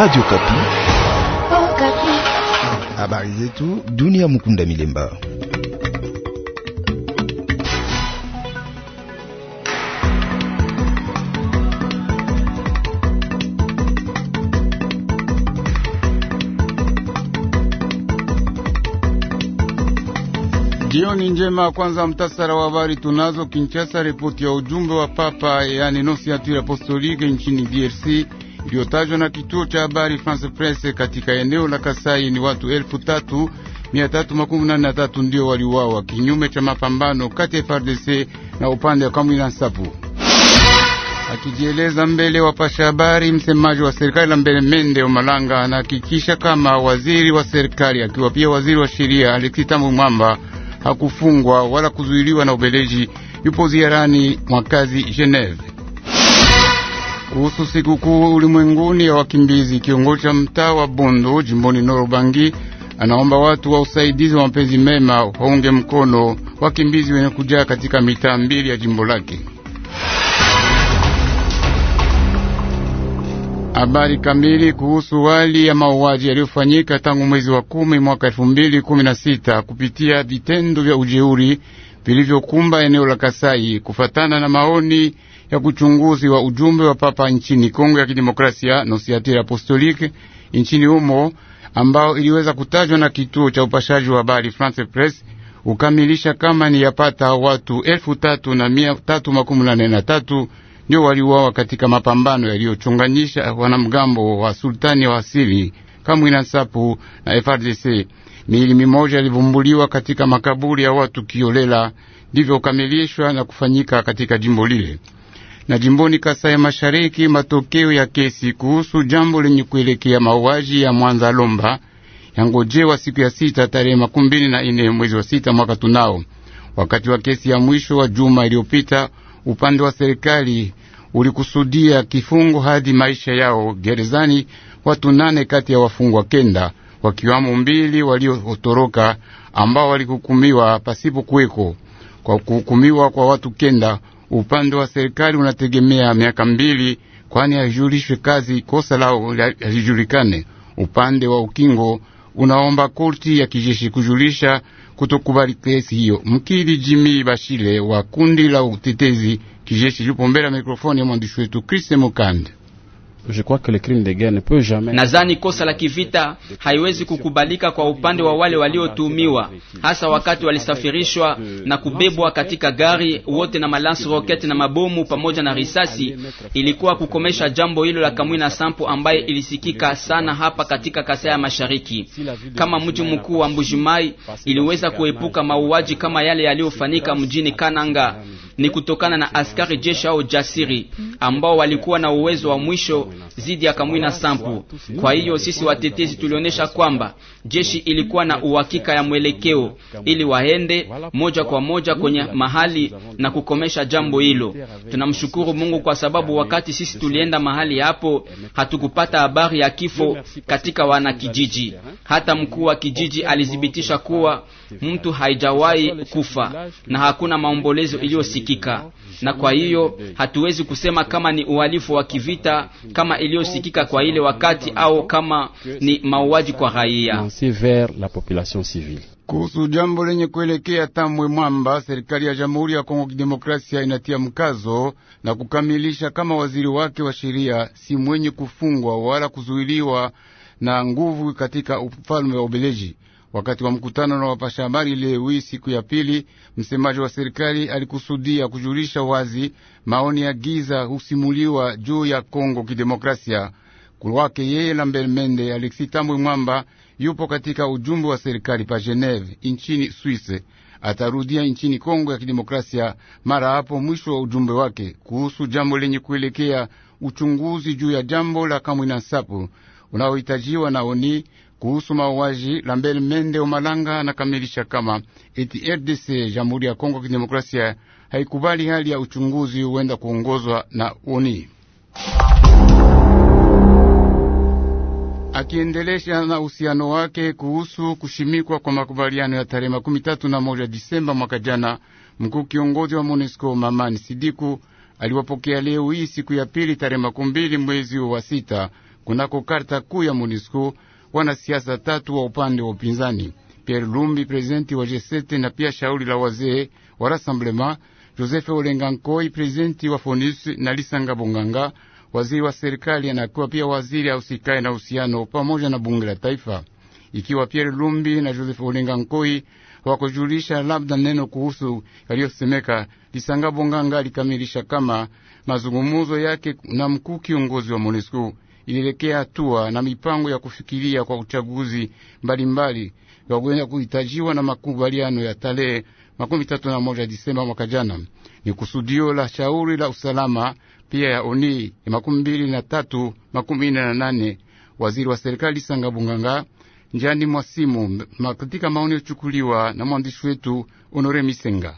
Radio Kapi. Oh, Kapi. Habari zetu dunia mukunda milemba. Jioni njema. Kwanza mtasara wa habari tunazo. Kinshasa, ripoti ya ujumbe wa Papa, yani ya Apostolike nchini DRC uliotajwa na kituo cha habari France Presse katika eneo la Kasai ni watu elfu tatu mia tatu makumi nane na tatu ndio waliuawa kinyume cha mapambano kati ya FARDC na upande wa Kamwina Nsapu. Akijieleza mbele wapasha habari, msemaji wa serikali la mbele Mende Omalanga anahakikisha kama waziri wa serikali akiwa pia waziri wa sheria Alexis Thambwe Mwamba hakufungwa wala kuzuiliwa na Ubeleji, yupo ziarani mwakazi Geneve kuhusu sikukuu ulimwenguni ya wakimbizi. Kiongozi cha mtaa wa Bundu jimboni Norobangi anaomba watu wa usaidizi wa mapenzi mema waunge mkono wakimbizi wenye kujaa katika mitaa mbili ya jimbo lake. Habari kamili kuhusu hali ya mauaji yaliyofanyika tangu mwezi wa kumi mwaka elfu mbili kumi na sita kupitia vitendo vya ujeuri vilivyokumba eneo la Kasai kufatana na maoni ya kuchunguzi wa ujumbe wa papa nchini Kongo ya Kidemokrasia, Nosiatiri Apostolike nchini humo, ambao iliweza kutajwa na kituo cha upashaji wa habari France Press ukamilisha kama ni yapata watu elfu tatu na mia tatu makumi nane na tatu ndio waliuawa katika mapambano yaliyochunganyisha wanamgambo wa sultani wa asili Kamwina Nsapu na FRDC. Miili mimoja ilivumbuliwa katika makaburi ya watu kiolela, ndivyo ukamilishwa na kufanyika katika jimbo lile. Na jimboni Kasai Mashariki, matokeo ya kesi kuhusu jambo lenye kuelekea mauaji ya Mwanza Lomba yangojewa siku ya sita tarehe makumi mbili na ine mwezi wa sita mwaka tunao. Wakati wa kesi ya mwisho wa juma iliyopita, upande wa serikali ulikusudia kifungo hadi maisha yao gerezani watu nane kati ya wafungwa kenda wakiwamo mbili waliotoroka ambao walihukumiwa pasipo kuweko. Kwa kuhukumiwa kwa watu kenda upande wa serikali unategemea miaka mbili, kwani hajulishwe kazi kosa lao halijulikane. Upande wa ukingo unaomba korti ya kijeshi kujulisha kutokubali kesi hiyo. Mkili jimi Bashile wa kundi la utetezi kijeshi yupo mbele ya mikrofoni ya mwandishi wetu Kriste Mukande nazani kosa la kivita haiwezi kukubalika kwa upande wa wale waliotuhumiwa, hasa wakati walisafirishwa na kubebwa katika gari wote na malansi roketi na mabomu pamoja na risasi. Ilikuwa kukomesha jambo hilo la Kamwina Sampo ambaye ilisikika sana hapa katika Kasai ya Mashariki. Kama mji mkuu wa Mbujimai iliweza kuepuka mauaji kama yale yaliyofanyika mjini Kananga ni kutokana na askari jeshi au jasiri ambao walikuwa na uwezo wa mwisho zidi ya Kamwina Sampu. Kwa hiyo sisi watetezi tulionyesha kwamba jeshi ilikuwa na uhakika ya mwelekeo ili waende moja kwa moja kwenye mahali na kukomesha jambo hilo. Tunamshukuru Mungu kwa sababu wakati sisi tulienda mahali hapo hatukupata habari ya kifo katika wanakijiji Hata mkuu wa kijiji alithibitisha kuwa mtu haijawahi kufa na hakuna maombolezo iliyosikika, na kwa hiyo hatuwezi kusema kama ni uhalifu wa kivita kama iliyosikika kwa ile wakati au kama ni mauaji kwa raia. Kuhusu jambo lenye kuelekea Tambwe Mwamba, serikali ya Jamhuri ya Kongo Kidemokrasia inatia mkazo na kukamilisha kama waziri wake wa sheria si mwenye kufungwa wala kuzuiliwa na nguvu katika ufalme wa Ubeleji. Wakati wa mkutano na wapasha habari leo siku ya pili, msemaji wa serikali alikusudia kujulisha wazi maoni ya giza husimuliwa juu ya Kongo Kidemokrasia. Kulwake yeye Lambert Mende Alexi Tambwe Mwamba yupo katika ujumbe wa serikali pa Geneve nchini Swise, atarudia nchini Kongo ya Kidemokrasia mara hapo mwisho wa ujumbe wake kuhusu jambo lenye kuelekea uchunguzi juu ya jambo la Kamwina Nsapu unaohitajiwa na oni kuhusu mauaji Lambert Mende Omalanga anakamilisha kama eti RDC, Jamhuri ya Kongo Kidemokrasia, haikubali hali ya uchunguzi huenda kuongozwa na UNI. Akiendelesha na uhusiano wake kuhusu kushimikwa kwa makubaliano ya tarehe makumi tatu na moja Disemba mwaka jana, mkuu kiongozi wa MONUSCO Mamani Sidiku aliwapokea leo hii siku ya pili tarehe makumi mbili mwezi wa sita kunako karta kuu ya MONUSCO wanasiasa tatu wa upande wa upinzani Pierre Lumbi, prezidenti wa G7 na pia shauri la wazee wa Rassemblement, Joseph Olenga Nkoi, prezidenti wa Fonus na Lisanga Bonganga, waziri wa serikali anakuwa pia waziri ausikae na uhusiano pamoja na bunge la taifa. Ikiwa Pierre Lumbi na Joseph Olenga Nkoi labda neno kuhusu yaliyosemeka, Lisanga Bonganga alikamilisha kama mazungumuzo yake na mkuu kiongozi wa MONUSCO ilielekea hatua na mipango ya kufikiria kwa uchaguzi mbalimbali wakwenda kuhitajiwa na makubaliano ya tarehe makumi tatu na moja Disemba mwaka jana. Ni kusudio la shauri la usalama pia ya oni ya makumi mbili na tatu makumi nne na nane waziri wa serikali Sanga Bunganga njani mwasimu katika maoni yochukuliwa na mwandishi wetu Honore Misenga.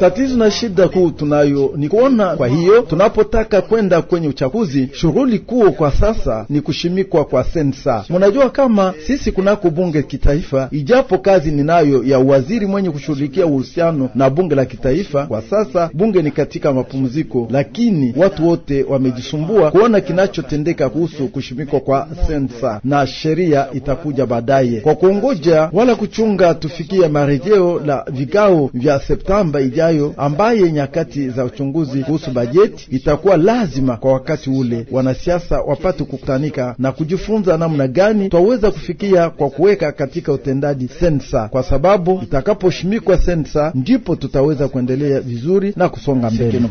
Tatizo na shida kuu tunayo ni kuona. Kwa hiyo tunapotaka kwenda kwenye uchaguzi, shughuli kuu kwa sasa ni kushimikwa kwa sensa. Munajua kama sisi kunako bunge kitaifa, ijapo kazi ninayo ya waziri mwenye kushughulikia uhusiano na bunge la kitaifa. Kwa sasa bunge ni katika mapumziko, lakini watu wote wamejisumbua kuona kinachotendeka kuhusu kushimikwa kwa sensa, na sheria itakuja baadaye kwa kuongoja wala kuchunga tufikie marejeo la vikao vikao vya Septamba ijayo, ambaye nyakati za uchunguzi kuhusu bajeti itakuwa lazima kwa wakati ule wanasiasa wapate kukutanika na kujifunza namna gani twaweza kufikia kwa kuweka katika utendaji sensa, kwa sababu itakaposhimikwa sensa ndipo tutaweza kuendelea vizuri na kusonga mbele.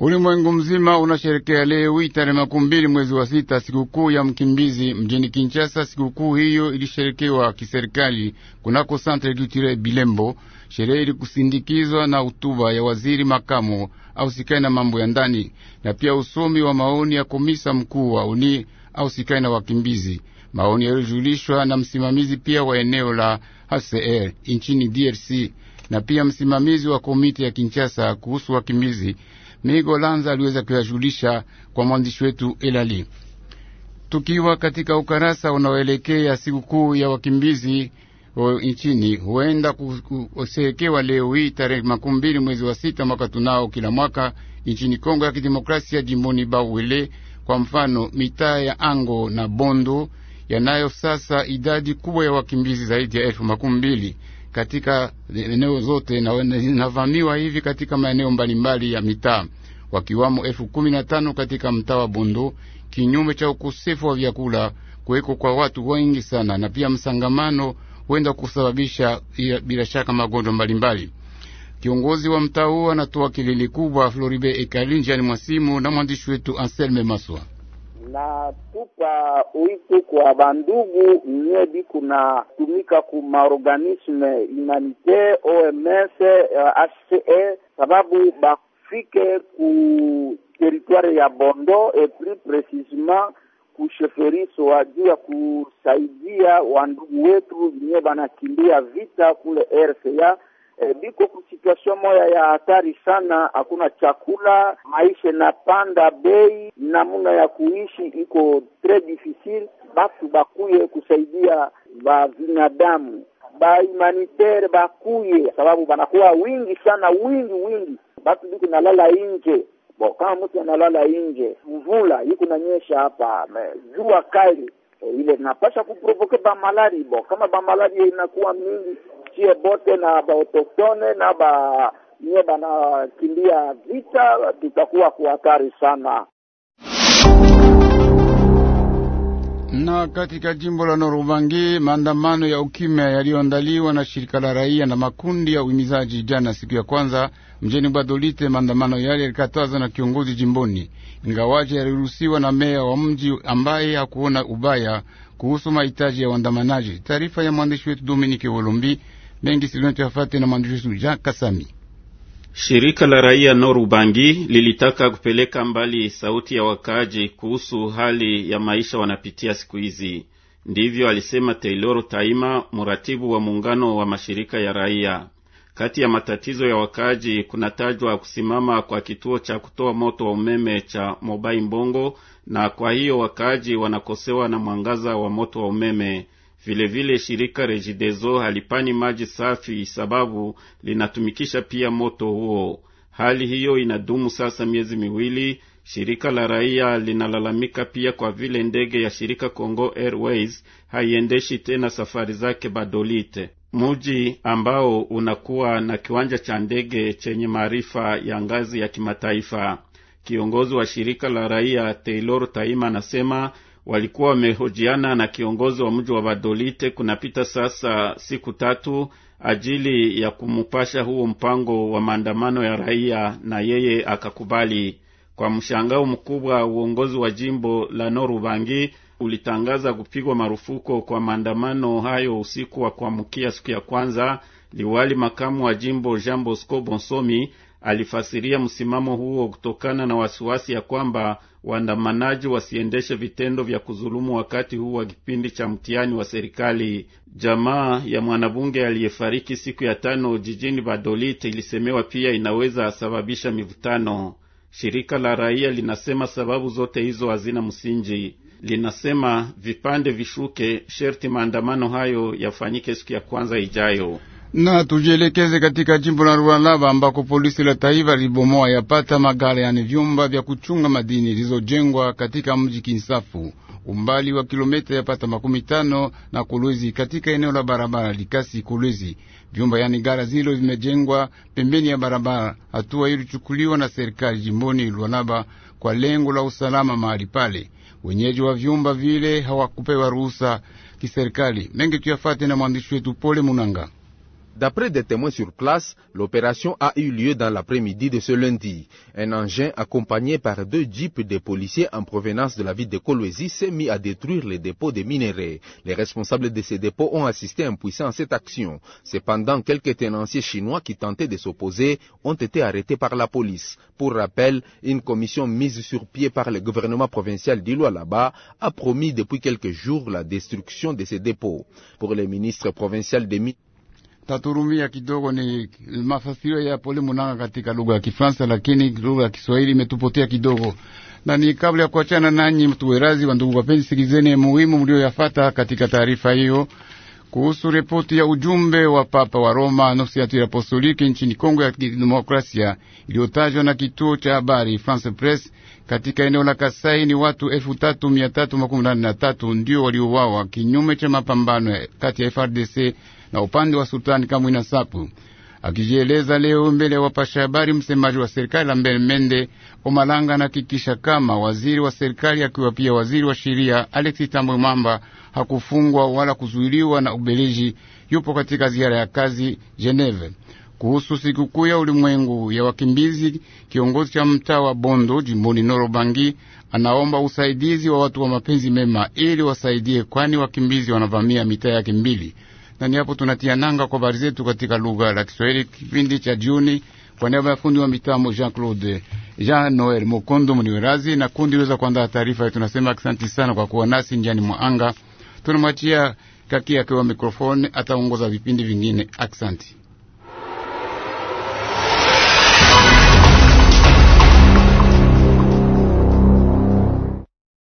Ulimwengu mzima unasherekea leo hii tarehe makumi mbili mwezi wa sita sikukuu ya mkimbizi mjini Kinshasa. Sikukuu hiyo ilisherekewa kiserikali kunako Centre Culturel Bilembo. Sherehe ilikusindikizwa na hotuba ya waziri makamo ausikai na mambo ya ndani na pia usomi wa maoni ya komisa mkuu wa uni ausikai na wakimbizi. Maoni yaliyojulishwa na msimamizi pia wa eneo la HCR nchini DRC na pia msimamizi wa komiti ya Kinshasa kuhusu wakimbizi migo Lanza aliweza kuyajulisha kwa mwandishi wetu Elali. Tukiwa katika ukarasa unaoelekea sikukuu ya wakimbizi nchini huenda kusherekewa leo hii tarehe makumi mbili mwezi wa sita mwaka tunao kila mwaka nchini Kongo ya Kidemokrasia, jimboni Bawele. Kwa mfano mitaa ya Ango na Bondo yanayo sasa idadi kubwa ya wakimbizi zaidi ya elfu makumi mbili katika eneo zote na inavamiwa hivi katika maeneo mbalimbali ya mitaa, wakiwamo elfu kumi na tano katika mtaa wa bundu kinyume cha ukosefu wa vyakula kuweko kwa watu wengi sana, na pia msangamano huenda kusababisha bila shaka magonjwa mbalimbali. Kiongozi wa mtaa huo anatoa kilili kubwa Floribe ekalinjani Mwasimu na mwandishi wetu Anselme Maswa natupa uito kwa bandugu myebi kuna tumika ku maorganisme humanitaire OMS HCE eh, sababu bafike ku territoire ya Bondo et plus précisément ku sheferi soa juu ya kusaidia wandugu wetu nye banakimbia vita kule RCA E, eh, biko kusituasio moya ya hatari sana, hakuna chakula, maisha inapanda bei, namuna ya kuishi iko tres difficile. Batu bakuye kusaidia ba binadamu ba humanitaire bakuye, sababu banakuwa wingi sana, wingi wingi, batu biko nalala inje bo. Kama mtu analala inje, mvula iko nanyesha hapa, jua kali eh, ile napasha kuprovoke ba malari bo, kama ba malari inakuwa mingi babatie bote na baotoktone na ba na banakimbia vita, tutakuwa kuhatari sana. Na katika jimbo la Norubangi maandamano ya ukimya yaliyoandaliwa na shirika la raia na makundi ya uhimizaji jana siku ya kwanza mjini Badolite. Maandamano yale yalikatazwa na kiongozi jimboni, ingawaje yaliruhusiwa na meya wa mji ambaye hakuona ubaya kuhusu mahitaji ya waandamanaji. Taarifa ya mwandishi wetu Dominike Wolombi mengi Silon Chafate na mwandishi Jean Kasami. Shirika la raia Norubangi lilitaka kupeleka mbali sauti ya wakaaji kuhusu hali ya maisha wanapitia siku hizi. Ndivyo alisema Tayloro Taima, mratibu wa muungano wa mashirika ya raia. Kati ya matatizo ya wakaaji kunatajwa kusimama kwa kituo cha kutoa moto wa umeme cha Mobai Mbongo, na kwa hiyo wakaaji wanakosewa na mwangaza wa moto wa umeme. Vilevile vile shirika Rejidezo halipani maji safi, sababu linatumikisha pia moto huo. Hali hiyo inadumu sasa miezi miwili. Shirika la raia linalalamika pia kwa vile ndege ya shirika Congo Airways haiendeshi tena safari zake Badolite, muji ambao unakuwa na kiwanja cha ndege chenye maarifa ya ngazi ya kimataifa. Kiongozi wa shirika la raia Taylor Taima anasema walikuwa wamehojiana na kiongozi wa mji wa Badolite. Kunapita sasa siku tatu ajili ya kumupasha huo mpango wa maandamano ya raia, na yeye akakubali. Kwa mshangao mkubwa, uongozi wa jimbo la Norubangi ulitangaza kupigwa marufuko kwa maandamano hayo usiku wa kuamkia siku ya kwanza. Liwali makamu wa jimbo Jean Bosco Bonsomi alifasiria msimamo huo kutokana na wasiwasi ya kwamba waandamanaji wasiendeshe vitendo vya kuzulumu wakati huu wa kipindi cha mtihani wa serikali. Jamaa ya mwanabunge aliyefariki siku ya tano jijini Badolite ilisemewa pia inaweza sababisha mivutano. Shirika la raia linasema sababu zote hizo hazina msingi. Linasema vipande vishuke, sherti maandamano hayo yafanyike siku ya kwanza ijayo. Na tujielekeze katika jimbo la Lualaba ambako polisi la taifa libomoa yapata magala yani vyumba vya kuchunga madini zilizojengwa katika mji Kinsafu umbali wa kilomita yapata makumi tano na Kolwezi katika eneo la barabara Likasi Kolwezi. Vyumba yani gala zilo vimejengwa pembeni ya barabara. Hatua ilichukuliwa na serikali jimboni Lualaba kwa lengo la usalama mahali pale. Wenyeji wa vyumba vile hawakupewa ruhusa kiserikali. Mengi tuyafate na mwandishi wetu Pole Munanga. D'après des témoins sur place, l'opération a eu lieu dans l'après-midi de ce lundi. Un engin accompagné par deux jeeps de policiers en provenance de la ville de Kolwezi s'est mis à détruire les dépôts des minerais. Les responsables de ces dépôts ont assisté impuissants à cette action. Cependant, quelques tenanciers chinois qui tentaient de s'opposer ont été arrêtés par la police. Pour rappel, une commission mise sur pied par le gouvernement provincial d'Iloalaba a promis depuis quelques jours la destruction de ces dépôts. Pour les ministres provinciaux des taturumia kidogo ni mafasirio ya Pole Munanga katika lugha ya Kifaransa, lakini lugha ya Kiswahili imetupotea kidogo. Na ni kabla ya kuachana nanyi, mtuwerazi wa ndugu wapenzi, sikizeni muhimu mlioyafata katika taarifa hiyo kuhusu ripoti ya ujumbe wa Papa wa Roma ya Apostoliki nchini Kongo ya Kidemokrasia iliyotajwa na kituo cha habari France Press katika eneo la Kasai. Ni watu elfu ndio waliouawa kinyume cha mapambano kati ya FRDC na upande wa Sultani Kamwina Sapu. Akijieleza leo mbele ya wapasha habari, msemaji wa serikali Mbele Mende Omalanga anahakikisha kama waziri wa serikali akiwa pia waziri wa sheria alexi Tambwe Mwamba hakufungwa wala kuzuiliwa na Ubelgiji, yupo katika ziara ya kazi Geneve. Kuhusu sikukuu ya ulimwengu ya wakimbizi, kiongozi cha mtaa wa Bondo jimboni Norobangi anaomba usaidizi wa watu wa mapenzi mema ili wasaidie, kwani wakimbizi wanavamia mitaa yake mbili na ni hapo tunatia nanga kwa habari zetu katika lugha la Kiswahili kipindi cha juni Kwa niaba ya fundi wa mitambo Jean Claude Jean Noel Mukondo mniwerazi na kundi liweza kuandaa taarifa, tunasema asante sana kwa kuwa nasi njiani anga. Tunamwachia kaki akiwa mikrofoni, ataongoza vipindi vingine. Asante.